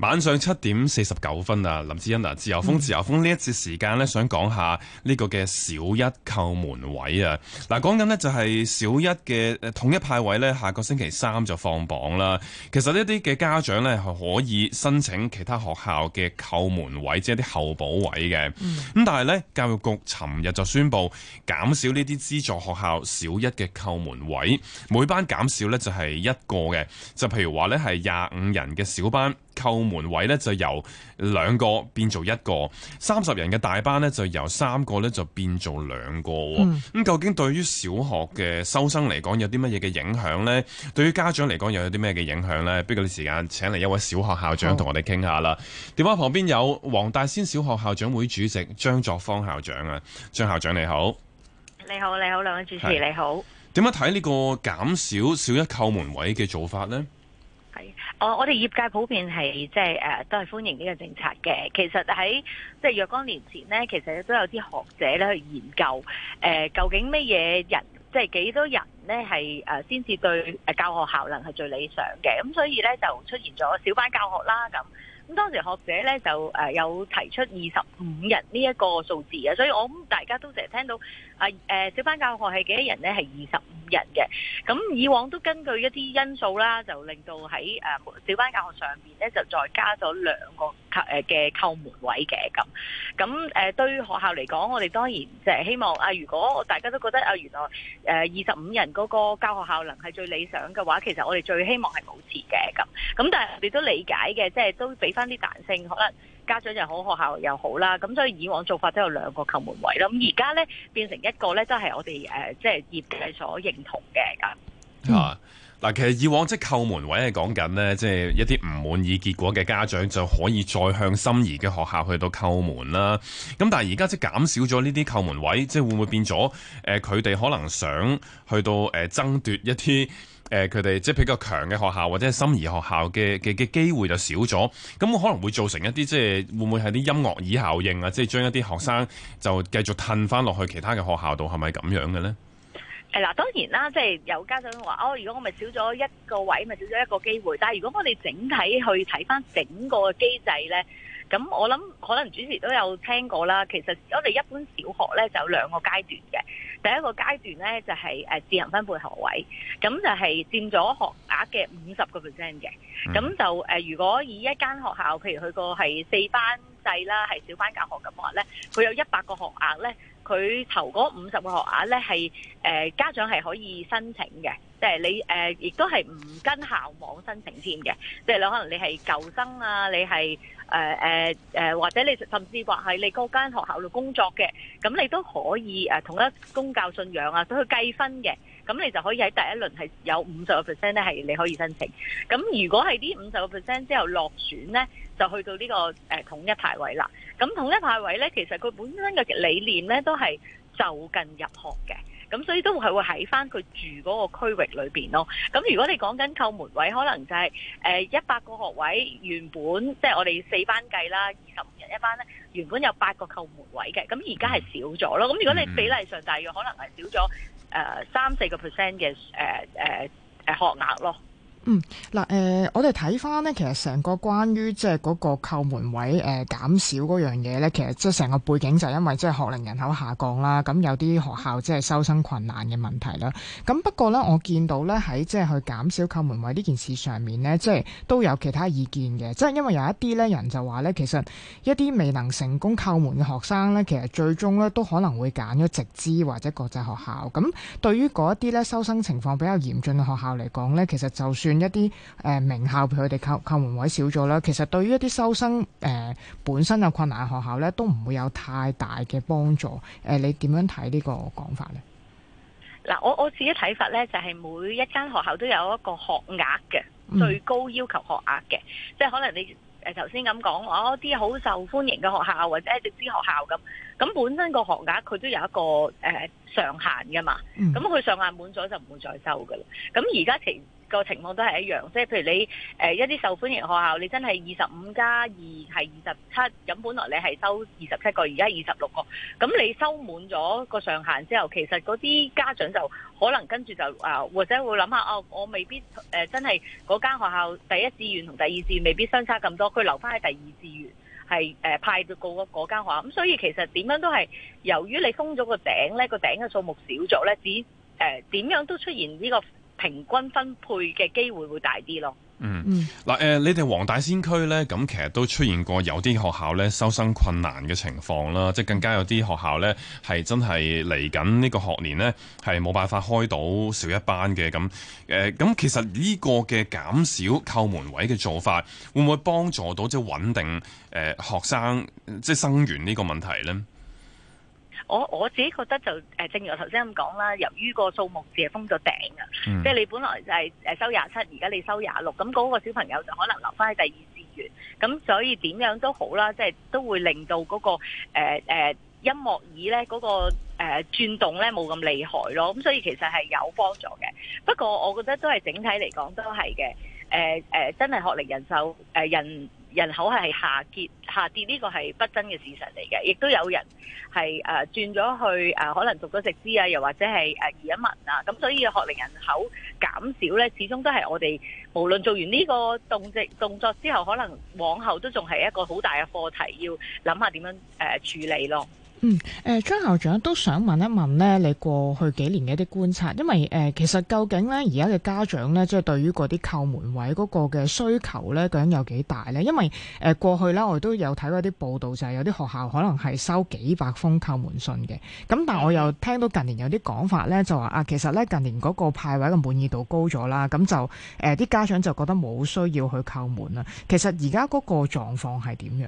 晚上七點四十九分啊，林志恩嗱、啊，自由風自由風呢一節時間咧，想講下呢個嘅小一叩門位啊。嗱，講緊呢就係小一嘅統一派位呢，下個星期三就放榜啦。其實呢啲嘅家長呢，係可以申請其他學校嘅叩門位，即係啲候補位嘅。咁但係呢，教育局尋日就宣布減少呢啲資助學校小一嘅叩門位，每班減少呢就係一個嘅。就譬如話呢係廿五人嘅小班，扣門位咧就由兩個變做一個，三十人嘅大班呢，就由三個咧就變做兩個。咁、嗯、究竟對於小學嘅收生嚟講有啲乜嘢嘅影響呢？對於家長嚟講又有啲咩嘅影響呢？不過啲時間，請嚟一位小學校長同我哋傾下啦。電、哦、話旁邊有黃大仙小學校長會主席張作芳校長啊，張校長你好，你好你好，兩位主持你好。點樣睇呢個減少小一扣門位嘅做法呢？係，哦，我哋業界普遍係即係誒，都係歡迎呢個政策嘅。其實喺即係若干年前呢，其實都有啲學者咧去研究，誒、呃，究竟乜嘢人，即係幾多人咧係誒，先至、呃、對誒教學效能係最理想嘅。咁、嗯、所以咧就出現咗小班教學啦，咁咁、嗯、當時學者咧就誒、呃、有提出二十五人呢一個數字啊。所以我諗大家都成日聽到。啊誒小班教學係幾多人咧？係二十五人嘅。咁以往都根據一啲因素啦，就令到喺小班教學上面咧，就再加咗兩個嘅叩門位嘅咁。咁誒對於學校嚟講，我哋當然即係希望啊。如果大家都覺得啊，原來誒二十五人嗰個教學效能係最理想嘅話，其實我哋最希望係保持嘅咁。咁但係我哋都理解嘅，即係都俾翻啲彈性，可能。家長又好，學校又好啦，咁所以以往做法都有兩個叩門位啦。咁而家呢，變成一個呢，都係我哋誒即係業界所認同嘅、嗯。啊，嗱，其實以往即係叩門位係講緊呢，即係一啲唔滿意結果嘅家長就可以再向心儀嘅學校去到叩門啦。咁但係而家即係減少咗呢啲叩門位，即係會唔會變咗？誒、呃，佢哋可能想去到誒、呃、爭奪一啲。誒佢哋即係比較強嘅學校或者係心儀學校嘅嘅嘅機會就少咗，咁可能會造成一啲即係會唔會係啲音樂椅效應啊？即係將一啲學生就繼續褪翻落去其他嘅學校度，係咪咁樣嘅咧？誒嗱，當然啦，即係有家長話哦，如果我咪少咗一個位，咪少咗一個機會。但係如果我哋整體去睇翻整個機制咧。咁我諗可能主持都有聽過啦。其實我哋一般小學咧就有兩個階段嘅。第一個階段咧就係、呃、自行分配學位，咁就係佔咗學額嘅五十個 percent 嘅。咁就、呃、如果以一間學校，譬如佢個係四班制啦，係小班教學咁話咧，佢有一百個學額咧。佢投嗰五十個學額呢，係誒家長係可以申請嘅，即係你誒、呃、亦都係唔跟校網申請添嘅，即係你可能你係舊生啊，你係誒誒或者你甚至話係你嗰間學校度工作嘅，咁你都可以誒、啊、同一公教信仰啊，都去計分嘅，咁你就可以喺第一輪係有五十個 percent 咧係你可以申請，咁如果係呢五十個 percent 之後落選呢？就去到呢、這個誒、呃、統一排位啦。咁、嗯、統一排位咧，其實佢本身嘅理念咧，都係就近入學嘅。咁、嗯、所以都係會喺返佢住嗰個區域裏邊咯。咁、嗯、如果你講緊叩門位，可能就係誒一百個學位原本即係我哋四班計啦，二十五人一班咧，原本有八個叩門位嘅。咁而家係少咗咯。咁、嗯、如果你比例上大約可能係少咗誒三四個 percent 嘅誒誒誒學額咯。嗯，嗱，誒，我哋睇翻咧，其實成個關於即係嗰個扣門位誒減少嗰樣嘢咧，其實即係成個背景就係因為即係學齡人口下降啦，咁有啲學校即係收生困難嘅問題啦。咁不過咧，我見到咧，喺即係去減少扣門位呢件事上面咧，即係都有其他意見嘅。即係因為有一啲咧人就話咧，其實一啲未能成功扣門嘅學生咧，其實最終咧都可能會揀咗直資或者國際學校。咁對於嗰一啲咧收生情況比較嚴峻嘅學校嚟講咧，其實就算一啲誒名校俾佢哋叩叩門位少咗啦，其實對於一啲收生誒、呃、本身有困難嘅學校咧，都唔會有太大嘅幫助。誒、呃，你點樣睇呢個講法咧？嗱，我我自己睇法咧，就係每一間學校都有一個學額嘅、嗯、最高要求學額嘅，即係可能你誒頭先咁講，我啲好受歡迎嘅學校或者直資學校咁，咁本身個學額佢都有一個誒、呃、上限噶嘛，咁、嗯、佢上限滿咗就唔會再收噶啦。咁而家其實個情況都係一樣，即係譬如你誒一啲受歡迎學校，你真係二十五加二係二十七，咁本來你係收二十七個，而家二十六個，咁你收滿咗個上限之後，其實嗰啲家長就可能跟住就啊，或者會諗下啊，我未必誒真係嗰間學校第一志願同第二志願未必相差咁多，佢留翻喺第二志願係派到過嗰間學校，咁所以其實點樣都係由於你封咗個頂咧，個頂嘅數目少咗咧，只誒點樣都出現呢個。平均分配嘅機會會大啲咯，嗯。嗯，嗱，誒，你哋黃大仙區呢，咁其實都出現過有啲學校呢，收生困難嘅情況啦，即係更加有啲學校呢，係真係嚟緊呢個學年呢，係冇辦法開到少一班嘅。咁，誒，咁其實呢個嘅減少叩門位嘅做法，會唔會幫助到即係穩定誒學生即係生源呢個問題呢？我我自己覺得就誒，正如我頭先咁講啦，由於個數目字係封咗頂啊，即、嗯、係、就是、你本來就係誒收廿七，而家你收廿六，咁嗰個小朋友就可能留翻喺第二志願，咁所以點樣都好啦，即、就、係、是、都會令到嗰、那個誒、呃呃、音樂椅咧嗰個誒轉、呃、動咧冇咁厲害咯，咁所以其實係有幫助嘅。不過我覺得都係整體嚟講都係嘅，誒、呃、誒、呃、真係學歷人手誒、呃、人。人口係下跌下跌，呢個係不爭嘅事實嚟嘅，亦都有人係誒、呃、轉咗去誒、呃，可能讀咗食資啊，又或者係誒移一民啊，咁所以學齡人口減少咧，始終都係我哋無論做完呢個動直動作之後，可能往後都仲係一個好大嘅課題，要諗下點樣誒、呃、處理咯。嗯，誒、呃，張校長都想問一問咧，你過去幾年嘅一啲觀察，因爲誒、呃，其實究竟咧而家嘅家長咧，即係對於嗰啲叩門位嗰個嘅需求咧，究竟有幾大咧？因為誒、呃、過去咧，我都有睇過啲報道，就係有啲學校可能係收幾百封叩門信嘅。咁，但係我又聽到近年有啲講法咧，就話啊，其實咧近年嗰個派位嘅滿意度高咗啦，咁就誒啲、呃、家長就覺得冇需要去叩門啦。其實而家嗰個狀況係點樣？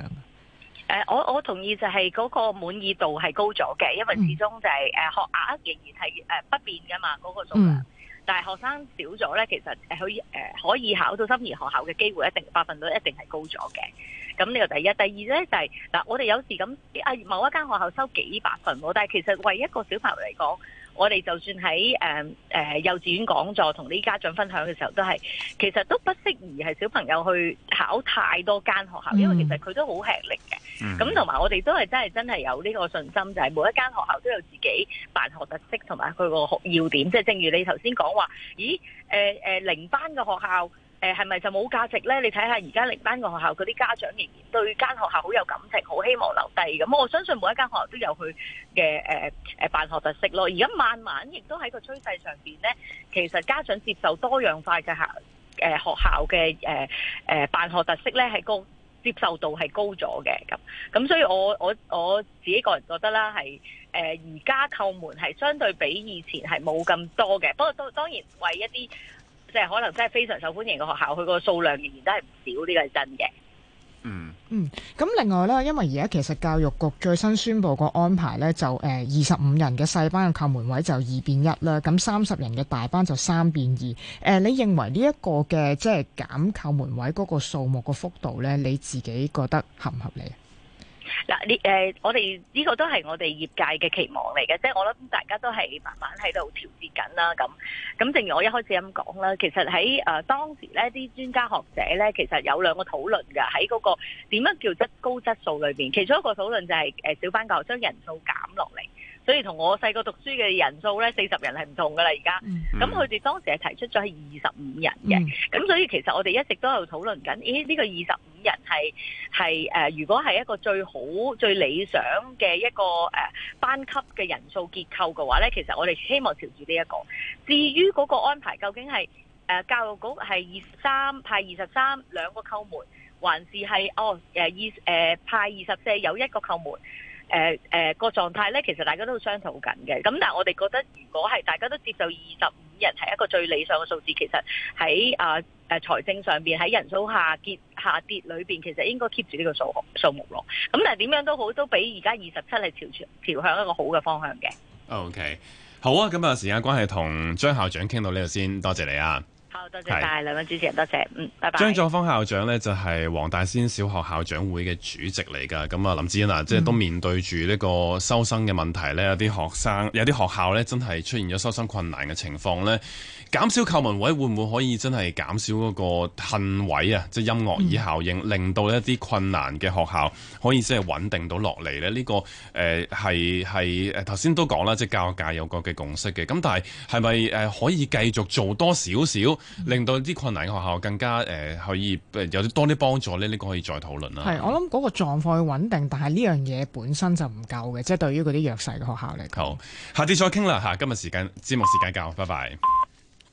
我我同意就係嗰個滿意度係高咗嘅，因為始終就係、誒嗯、學額仍然係不變嘅嘛，嗰、那個數量、嗯，但係學生少咗咧，其實佢可以考到心儀學校嘅機會一定百分率一定係高咗嘅。咁呢個第一，第二咧就係、是、嗱，我哋有時咁啊某一間學校收幾百分喎，但係其實為一個小朋友嚟講，我哋就算喺誒誒幼稚園講座同啲家長分享嘅時候都係，其實都不適宜係小朋友去考太多間學校、嗯，因為其實佢都好吃力嘅。咁同埋我哋都係真係真係有呢個信心，就係、是、每一間學校都有自己辦學特色同埋佢個學要點。即、就是、正如你頭先講話，咦？呃呃、零班嘅學校，係、呃、咪就冇價值咧？你睇下而家零班嘅學校，嗰啲家長仍然對間學校好有感情，好希望留低咁。我相信每一間學校都有佢嘅誒誒辦學特色咯。而家慢慢亦都喺個趨勢上面咧，其實家長接受多樣化嘅校誒學校嘅誒誒辦學特色咧，係高。接受度係高咗嘅，咁咁所以我我我自己個人覺得啦，係誒而家叩門係相對比以前係冇咁多嘅，不過當當然為一啲即係可能真係非常受歡迎嘅學校，佢個數量仍然都係唔少，呢個係真嘅。嗯，咁另外咧，因為而家其實教育局最新宣布個安排咧，就誒二十五人嘅細班嘅叩門位就二變一啦。咁三十人嘅大班就三變二。誒、呃，你認為呢一個嘅即係減叩門位嗰個數目個幅度咧，你自己覺得合唔合理？呢、嗯嗯嗯這個、我哋呢個都係我哋業界嘅期望嚟嘅，即係我諗大家都係慢慢喺度調節緊啦，咁、嗯、咁、嗯。正如我一開始咁講啦，其實喺、呃、當時咧，啲專家學者咧，其實有兩個討論嘅，喺嗰、那個點樣叫質高質素裏面，其中一個討論就係、是呃、小班教學將人數減落嚟，所以同我細個讀書嘅人數咧四十人係唔同噶啦，而家。咁佢哋當時係提出咗係二十五人嘅，咁所以其實我哋一直都喺度討論緊，咦呢個二十？嗯嗯人係係、呃、如果係一個最好、最理想嘅一個、呃、班級嘅人數結構嘅話呢，其實我哋希望調整呢一個。至於嗰個安排究竟係、呃、教育局係二十三派二十三兩個叩門，還是，係哦二、呃、派二十四有一個叩門？誒誒個狀態呢，其實大家都相商討緊嘅。咁但我哋覺得，如果係大家都接受二十五人係一個最理想嘅數字，其實喺啊、呃、財政上面，喺人數下結。下跌裏邊其實應該 keep 住呢個數目數目咯，咁但係點樣都好都比而家二十七係朝向朝向一個好嘅方向嘅。OK，好啊，咁啊時間關係，同張校長傾到呢度先，多謝你啊！好，多謝晒兩位主持人，多謝，嗯，拜拜。張作芳校長呢，就係、是、黃大仙小學校長會嘅主席嚟噶，咁啊林志恩啊，嗯、即係都面對住呢個收生嘅問題呢，有啲學生，有啲學校呢，真係出現咗收生困難嘅情況呢，減少叩門位會唔會可以真係減少嗰個恨位啊？即係音樂椅效應，嗯、令到一啲困難嘅學校可以即係穩定到落嚟呢？呢、這個誒係係，誒頭先都講啦，即係教育界有個嘅共識嘅，咁但係係咪誒可以繼續做多少少？嗯、令到啲困難嘅學校更加誒、呃、可以有啲多啲幫助呢，呢、呢個可以再討論啦。係，我諗嗰個狀況要穩定，但係呢樣嘢本身就唔夠嘅，即、就、係、是、對於嗰啲弱勢嘅學校嚟講。下次再傾啦嚇，今日時間節目時間夠，拜拜。